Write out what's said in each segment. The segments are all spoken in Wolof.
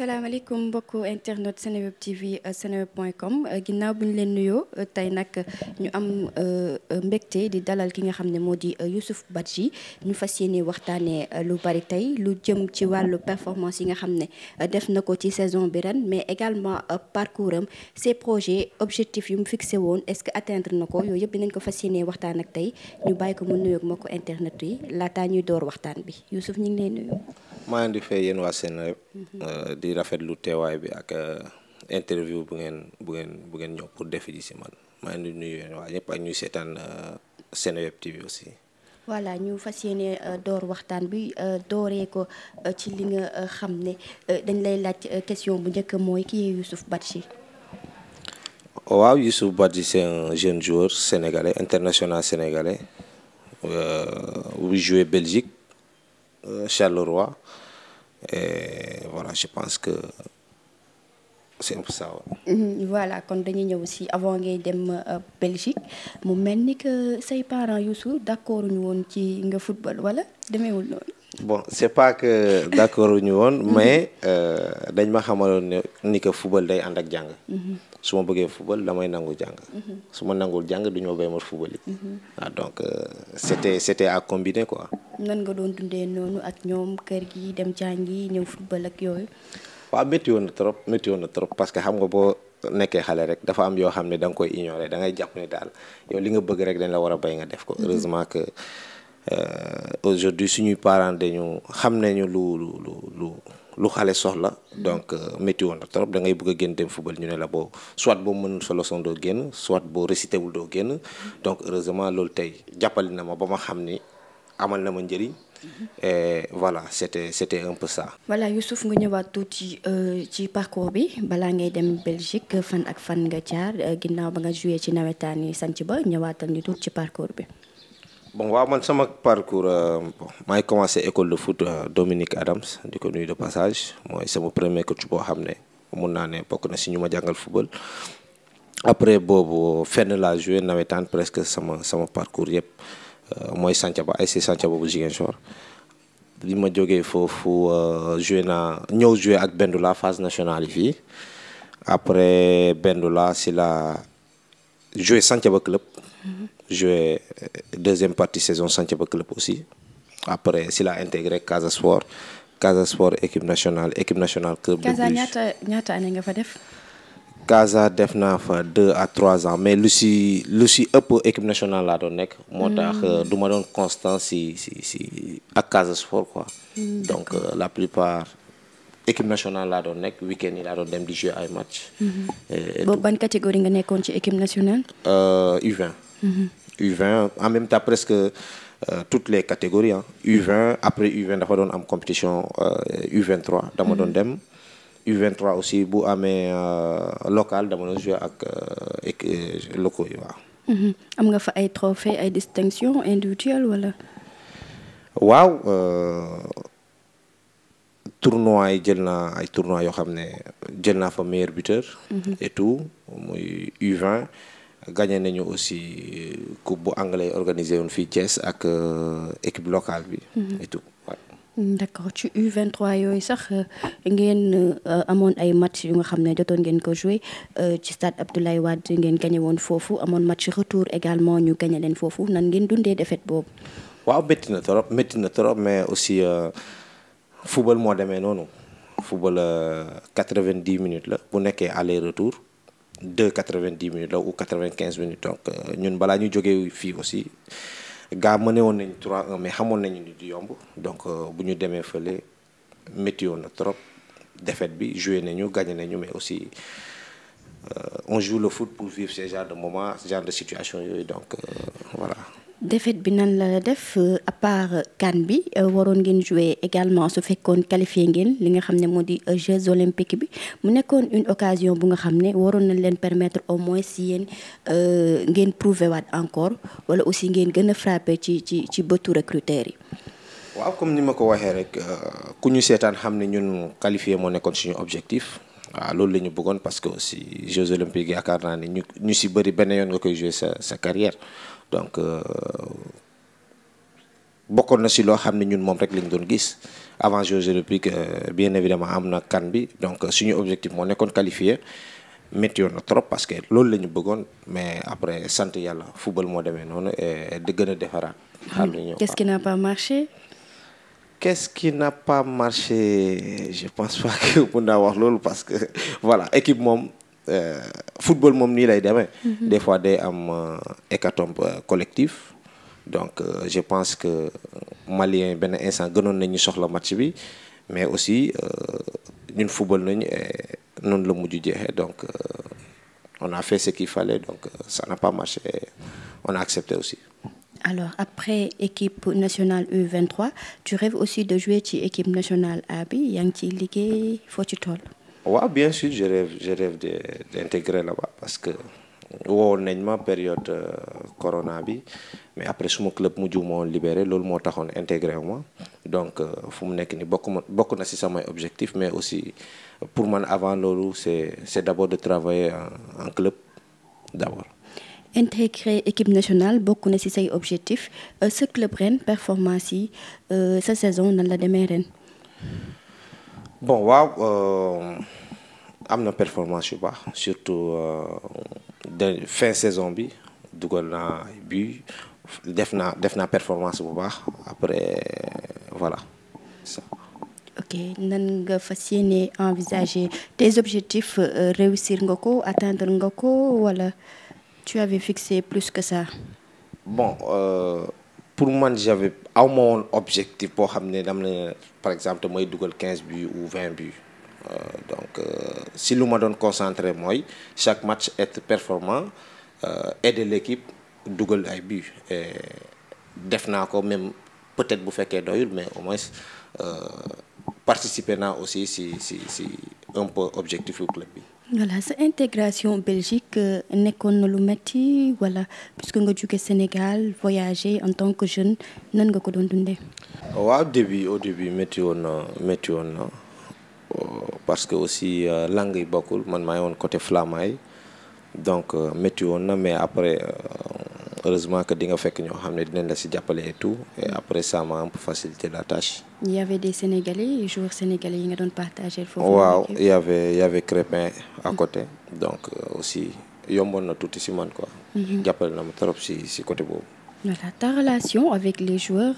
salaamaaleykum mbokku internet Seneweb TV euh, seneweb point com euh, ginnaaw bu ñu leen nuyoo euh, tey nag ñu am mbégte di dalal ki nga xam ne moo di yusuf bat yi ñu fas yéene waxtaanee lu bari tey lu jëm ci wàllu performance yi nga xam ne def na ko ci saison bi ren mais également parcours am ses projets objectifs yu mu fixé woon est-ce que atteindre na ko yooyu yëpp dinañ ko fas yéene waxtaan ak tey ñu bàyyi ko mu nuyoog mbokku internet yi laataa ñuy door waxtaan bi Youssouf ñu ngi lay di rafetlu teewaay bi ak euh, interview bu ngeen bu ngeen bu ngeen ñëw pour def ji si man maa ngi nuyu waa ñëpp ak ñuy seetaan euh, Seneweb TV aussi. voilà ñu fas yéene euh, door waxtaan bi dooree ko ci li nga xam ne dañ lay laaj question bu njëkk mooy kii Youssouf Badji. waaw Youssouf Badji c'est jeune joueur sénégalais international sénégalais bu euh, joué Belgique Charleroi. et voilà je pense que c'est un peu ça mhm, voilà kon dañuy ñëw si avant ngay dem euh, Belgique mu mel ni que say parents Youssou d'accord ñu woon ci nga football wala demeewul noonu. bon c' est pas que d' accord ñu woon mhm. mais euh, dañ ma xamaloon ne ni que football day ànd ak jàng mhm. su ma bëggee football damay nangu jàng mhm. su ma nangul jàng du ñu ma béy ma football yi waaw ah, donc euh, c' était c' était à doon ak ñoom kër gi dem jàngi ñëw football ak yooyu waaw métti woon na trop métti woon na trop parce que xam nga boo nekkee xale rek dafa am yoo xam ne da nga koy ignorer da ngay jàpp ne daal yow li nga bëgg rek dañ la war a béy nga def ko heureusement que Euh, aujourd'hui suñuy parents dañu xam nañu lu lu lu lu lu xale soxla mm-hmm. donc euh, métti woon na trop da ngay bëgg a génn dem football ñu ne la boo soit boo mënul solo leçon doo génn soit boo récité wul doo génn mm-hmm. donc heureusement loolu tey jàppali na ma ba ma xam ni amal na ma njëriñ mm-hmm. et voilà c'était c'était un peu ça. voilà Youssouf nga ñëwaat tuuti euh, ci parcours bi balaa ngay dem Belgique fan ak fan nga jaar ginnaaw ba nga joué ci nawetaan yi sanc ba ñëwaatal ñu tuuti ci parcours bi. bon waaw man sama parcours bon euh, maay commencé école de foot euh, Dominique Adams di ko nuyu de passage mooy sama premier coach boo xam ne mun naa ne bokk na si ñu ma jàngal football. après boobu fenn laa joué nawetaan presque sama sama parcours yëpp euh, mooy Santhiaba ay si Santhiaba bu Ziguinchor li ma jógee foofu joué naa ñëw joué ak Bendoula phase nationale yi fii après Bendoula si la joué Santhiaba club. Mm-hmm. joué euh, deuxième partie saison Santhiaba club aussi après si la intégré Casa Sport Casa Sport équipe nationale équipe nationale club de ñaata ñaata nga fa def. Casa def naa fa deux à trois ans mais lu si lu si ëpp équipe nationale laa doon nekk. moo tax hmm. euh, du ma doon constant si si si ak Casa Sport quoi. Hmm, donc euh, la plupart équipe nationale laa doon nekk week-end yi laa doon dem di jouer ay match. Hmm. boobu ban catégorie nga nekkoon ci équipe nationale. u U20 en même temps presque euh, toutes les catégories U20 après U20 doon am compétition U23 euh, dama doon mm-hmm. dem U23 aussi bu amee euh, local dama doon jouer ak ak mm-hmm. am nga fa ay trophées ay distinctions individuelles wala. waaw tournois yi jël ay tournois yoo xam ne jël naa fa meilleur buteur. Mm-hmm. et muy u gagné nañu aussi euh, coupe bu anglais organisé woon fii Thiès ak euh, équipe locale bi. Mhm. et tout mm, ci u yooyu sax euh, ngeen amoon ay match yu nga xam ne jotoon ngeen ko joué ci stade Abdoulaye Wade ngeen gagné woon foofu amoon match retour également ñu gagné leen foofu nan ngeen dundee défaite boobu. waaw métti na trop métti na trop mais aussi football moo demee noonu football 90 minutes la bu nekkee aller retour. deux quatre-vingt-dix minutes la ou quatre-vingt-quinze minutes donc euh, ñun balaa ñu jógee fii aussi gaa mëne woon nañ 3-1 mais xamoon nañu ni du yomb donc euh, bu ñu demee fële métti woon na trop defet bi joué nañu gagné nañu mais aussi euh, on joue le foot pour vivre ce genre de moment ce genre de situation yooyu donc voilà. défaite bi nan la def à part CAN bi waroon ngeen jouer également su fekkoon qualifié ngeen li nga xam ne moo di Jeux olympiques bi mu nekkoon une occasion bu nga xam ne waroon nañ leen permettre au moins si yéen euh, ngeen prouver waat encore wala aussi ngeen gën a frappé ci ci ci bëtu recruteurs yi. waaw comme ni ma ko waxee rek euh, ku ñu seetaan xam ne ñun qualifié moo nekkoon suñu objectif. waaw loolu la ñu bëggoon parce que aussi Jeux olympiques yaakaar naa ne ñu ñu si bëri benn yoon nga koy sa sa carrière donc euh, bokkoon na si loo xam ne ñun moom rek lañ doon gis avant Jeux olympiques euh, bien évidemment am na kan bi donc euh, suñu objectif moo nekkoon qualifié métti woon na trop parce que loolu la ñu bëggoon mais après sant yàlla football moo demee noonu di gën a defaraat. xaar lu ñëw qu'est-ce qui n'a pas marché. Qu'est-ce qui n'a je pense pas que mun naa wax loolu parce que voilà équipe moom Euh, football moom nii lay demee. Mhm. des fois day am euh, hécatombe euh, collectif. donc je pense que Malien benn instant gënoon nañu soxla match bi mais aussi ñun football nañu noonu la mujj jeexee donc on a fait ce qu'il fallait donc ça n'a pas marché on a accepté aussi. alors après équipe nationale U23 tu rêves aussi de jouer ci équipe nationale A bi yaa ngi ciy liggéey ci toll. waaw bien sûr je rêve je de d'intégrer là-bas parce que wowoon nañ ma période euh, corona bi mais après su suma club mujj ma woon libéré loolu moo taxoon intégré wu donc euh, fu mu nekk nii bokk ma na ci samay objectif mais aussi pour man avant loolu c'est c'est d'abord de travailler en, en club d'abord intégrer équipe nationale bokk na ci say objectif euh, sa club ren performance yi sa saison nan la demee ren bon waaw euh, am na performance yu baax surtout euh, de fin saison bi dugal na bi def naa def naa performance bu baax après voilà ça. ok nan nga fas yéene envisager tes objectifs euh, réussir nga ko atteindre nga ko wala tu avais fixé plus que ça. bon. Euh, pour man j'avais aw ma woon objectif boo xam ne dam na par exemple mooy dugal quinze buts ou vingt buts euh, donc euh, si lu ma doon concentré mooy chaque match être performant euh, aider l'équipe dugal ay buts e def naa ko même peut-être bu fekkee doyul mais au moins euh, participer naa aussi si si si un peu objectif yu club bi voilà sa intégration Belgique nekkoon na lu metti wala puisque nga jóge Sénégal voyager en tant que jeune nan nga ko doon dundee. waaw début au début métti woon na métti woon na euh, parce que aussi euh, langue yi bokkul man maa woon côté flamand yi donc euh, métti woon na mais après. heureusement que di nga fekk ñoo xam ne dinañ la si jàppale tout et après ça m'a un peu la tâche. il y avait des sénégalais joueurs sénégalais yi nga doon partagé. foofu waaw il y Crépin à mm-hmm. côté donc euh, aussi yomboon na tuuti si man quoi. Mm-hmm. jàppale na ma trop si si côté boobu. ta relation avec les joueurs.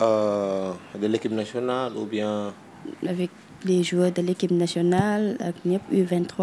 Euh, de l'équipe nationale ou bien. avec les joueurs de l'équipe nationale ak ñëpp U23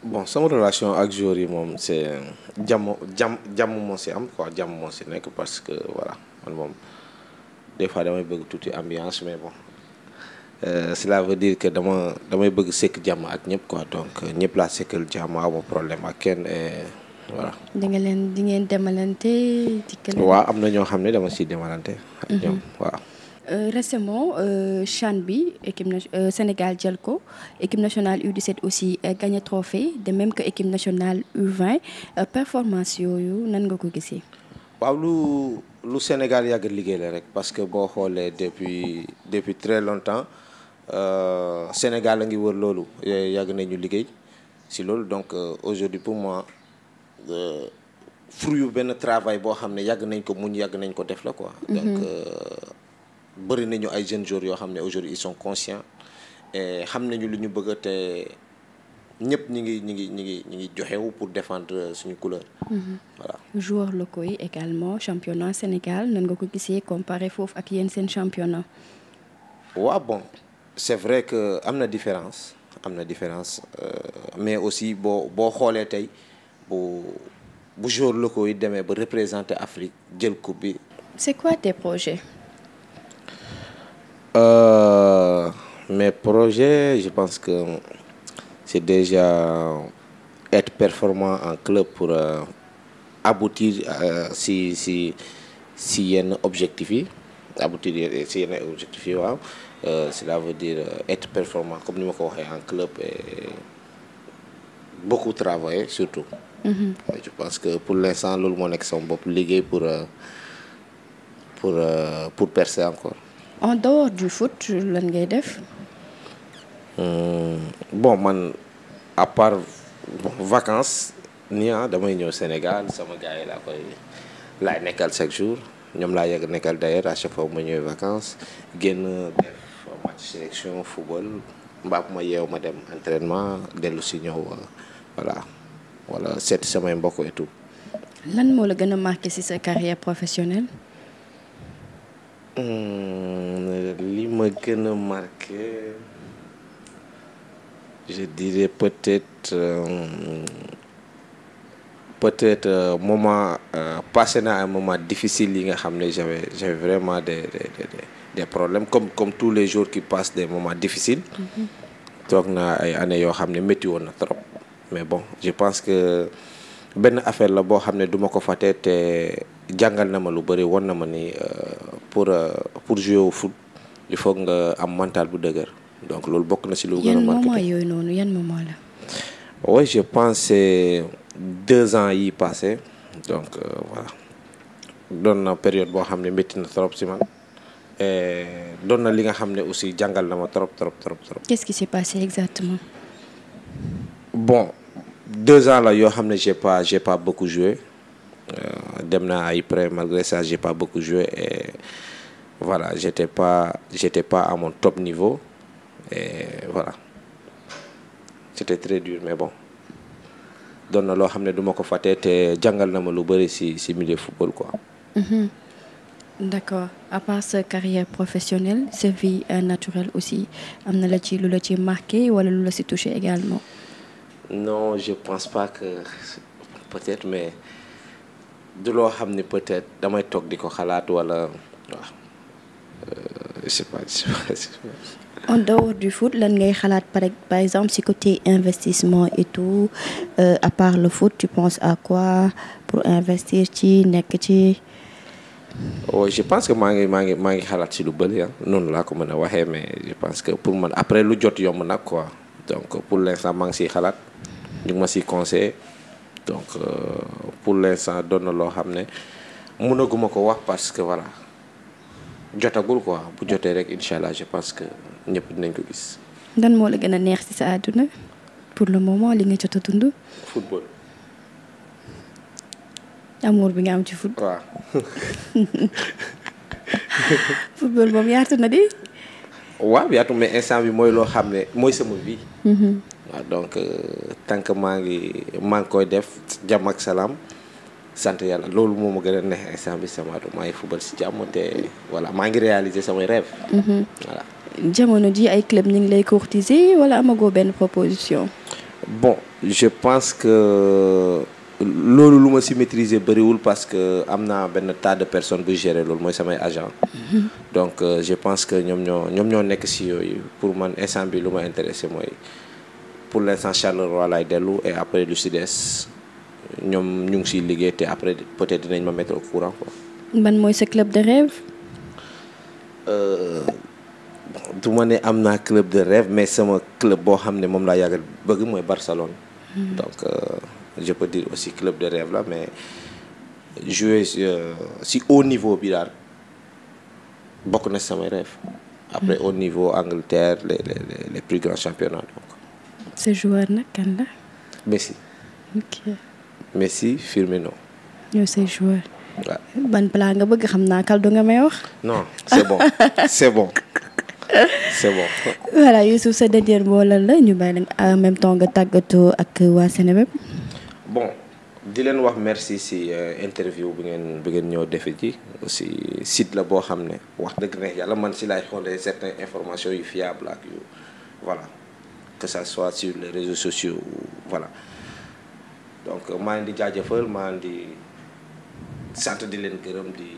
bon sama relation ak joueurs yi moom c'est jàmm jàmm jàmm moo si am quoi jàmm moo si nekk parce que voilà man moom des fois damay bëgg tuuti ambiance mais bon euh, la veut dire que dama damay bëgg sekk jàmm ak ñëpp quoi donc euh, ñëpp laa sekkal jàmm amoo problème ak kenn voilà. di nga leen di ngeen demalante. waa am na ñoo xam ne dama si demalante. Mhm. waa Euh, récemment euh, CHAN bi équipe euh, Sénégal jël ko équipe nationale U17 aussi gagné trophée de même que équipe nationale U20 performance yooyu nan nga ko gisee. waaw lu lu Sénégal yàgg liggéey la rek parce que boo xoolee depuis depuis très longtemps Sénégal a ngi wër loolu yàgg nañu liggéey si loolu donc aujourd'hui pour moi. fruit yu benn travail boo xam ne yàgg nañ ko muñ yàgg nañ ko def la quoi. Mm-hmm. bëri nañu ay jeunes joueurs yoo xam ne aujourd'hui ils sont conscients et xam nañu lu ñu bëgg te ñëpp ñi ngi ñi ngi ñi ngi ñi ngi joxewu pour défendre suñu couleur. Mhm. voilà joueur locaux yi également championnat Sénégal nan nga ko gisee comparé foofu ak yéen seen championnat. waaw bon c'est vrai que am na différence am na différence euh, mais aussi boo boo xoolee tey bu bu joueur locaux yi demee ba représenter Afrique jël coupe bi. c'est quoi tes projets. Euh, mes projets, je pense que c'est déjà être performant en club pour euh, aboutir euh, si si si yenn objectif yi aboutir si yenn objectif yi waaw euh, cela veut dire euh, être performant comme ni ma ko waxee en club et beaucoup travailler surtout. Mm je pense que pour l'instant loolu moo nekk sama bopp liggéey pour euh, pour pour percer encore. en dehors du foot lan ngay def. Euh, bon man à part bon, vacances ah, damay ñëw Sénégal sama gars yi laa koy laay nekkal chaque jour ñoom laa yegg nekkal d'ailleurs à chaque fois ma ñëwee vacances génn def match sélection football mbaa ma yeew ma dem entraînement dellu si ñëw euh, voilà wala seeti samay mbokk et tout. lan moo la gën a marqué ci sa carrière professionnelle. Euh, li ma gën a marqué je dirais peut-être euh, peut-être euh, moment euh, passé naa ay moment difficile yi nga xam ne j'avais j'avais vraiment des des des des problèmes comme comme tous les jours qui passent des moments difficiles. Mm-hmm. toog naa ay années yoo xam ne métti woon na trop. mais bon je pense que benn affaire la boo xam ne duma ko fàtte te jàngal na ma lu bëri won na ma ni. pour euh, pour jouer au foot il faut nga am mental bu dëgër donc loolu bokk na si lu gën a marqué yan moment yooyu noonu yan moment la. oui je pense c'est deux ans yi passé donc euh, voilà doon na période boo xam ne métti na trop si man doon na li nga xam ne aussi jàngal na ma trop trop trop trop. qu'est-ce qui s'est passé exactement. bon deux ans la yoo xam ne j'ai pas j'ai pas beaucoup joué. Euh, dem naa ay prêt malgré ça j'ai pas beaucoup joué et voilà j'étais pas j'étais pas à mon top niveau et voilà c'était très dur mais bon doon na loo xam ne du ma ko fàtte te jàngal na ma lu bëri si ci milieu football quoi. Mhm. d'accord à part sa carrière professionnelle sa vie euh, naturelle aussi am na la ci lu la ci marqué wala lu la ci touché également. non je pense pas que peut-être mais. du loo xam ni peut-être damay toog di ko xalaat wala waaw euh, je sais en dehors du foot lan ngay xalaat par par exemple si côté investissement et tout euh, à part le foot tu penses à quoi pour investir ci nekk ci. waaw oh, je pense que maa ngi maa ngi maa ngi xalaat si lu bëri ah noonu laa ko mën a waxee mais je pense que pour man après lu jot yomb nag koi donc pour l'instant maa ngi siy xalaat ñu ngi ma donc euh, pour l'instant doon na loo xam ne munaguma ko wax parce que voilà jotagul quoi bu jotee rek incha allah je parce que ñëpp nañ ko gis. dan moo la gën a neex ci sa àdduna pour le moment li nga jot a dund. football. amour bi nga am ci football. waaw. football moom yaatu na di. waaw yaatu mais instant bi mooy loo xam ne mooy sama vie. Mm-hmm. waaw donc euh, tant que maa ngi maa ngi koy def jàmm ak salaam sant yàlla loolu moo ma gën a neex sama du maa ngi fubal si jàmm maa ngi réaliser samay rêve mhm. voilà jamono ji ay club ñu ngi lay courtiser wala amago benn proposition bon je pense que loolu lu ma si maîtriser bëriwul parce que am naa benn tas de personnes bu gérer loolu mooy samay agent mhm. donc euh, je pense que ñoom ñoo ñoom ñoo nekk si yooyu pour man instant lu ma intéressé mooy pour l'instant Charleroi laay dellu et après lu si des ñoom ñu ngi siy liggéey te après peut-être dinañ ma mettre au courant quoi. ban mooy sa club de rêve. Euh, du ma ne am na club de rêve mais sama club boo xam ne moom laa yàgg bëgg mooy Barcelone. Hmm. donc euh, je peut dire aussi club de rêve la mais jouer euh, si haut niveau bi daal bokk na samay rêve. après hmm. au niveau Angleterre les les les plus grands championnats sa joueur nag kan la. Messi. ok. Messi Firmino. ñooy say joueur. waaw ban plat nga bëgg xam naa kaldu nga may wax. non c'est bon c'est bon c'est bon. voilà Youssouf sa dernier mot lan la ñu bàyyi la en même temps nga tàggatoo ak waa Seneweb. bon di leen wax merci si euh, interview bu ngeen bu ngeen ñëw defe ji aussi site la boo xam ne wax dëgg ne yàlla man si laay xoolee certaines information yu fiable ak yu voilà. que ça soit sur les réseaux sociaux voilà donc maa ngi di jaajëfal maa ngi di sant di leen gërëm di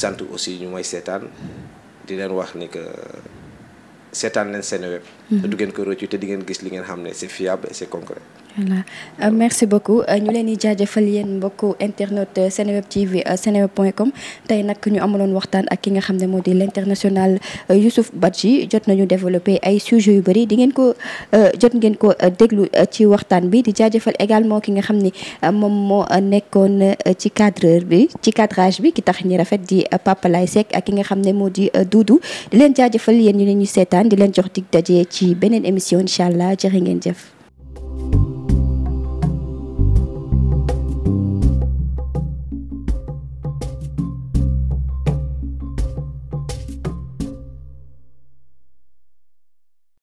sant aussi ñu may seetaan di leen wax ni que seetaan leen seen web. te mm-hmm. du ngeen ko rëccu te di ngeen gis li ngeen xam ne c'est fiable et c'est concret. voilà euh, merci beaucoup euh, ñu leen di jaajëfal yéen mbokku internet euh, Seneweb TV seneweb.com tey nag ñu amaloon waxtaan ak ki nga xam ne moo di l' international bat Badji jot nañu développé ay sujets yu bëri di ngeen ko jot ngeen ko déglu ci waxtaan bi di jaajëfal également ki nga xam ne moom moo nekkoon ci cadreur bi ci cadrage bi ki tax ñi rafet di Papa Lay Seck ak ki nga xam ne moo di Doudou di leen jaajëfal yéen ñu ne ñi seetaan di leen jox dig daje ci beneen émission incha allah jërë ngeen jëf.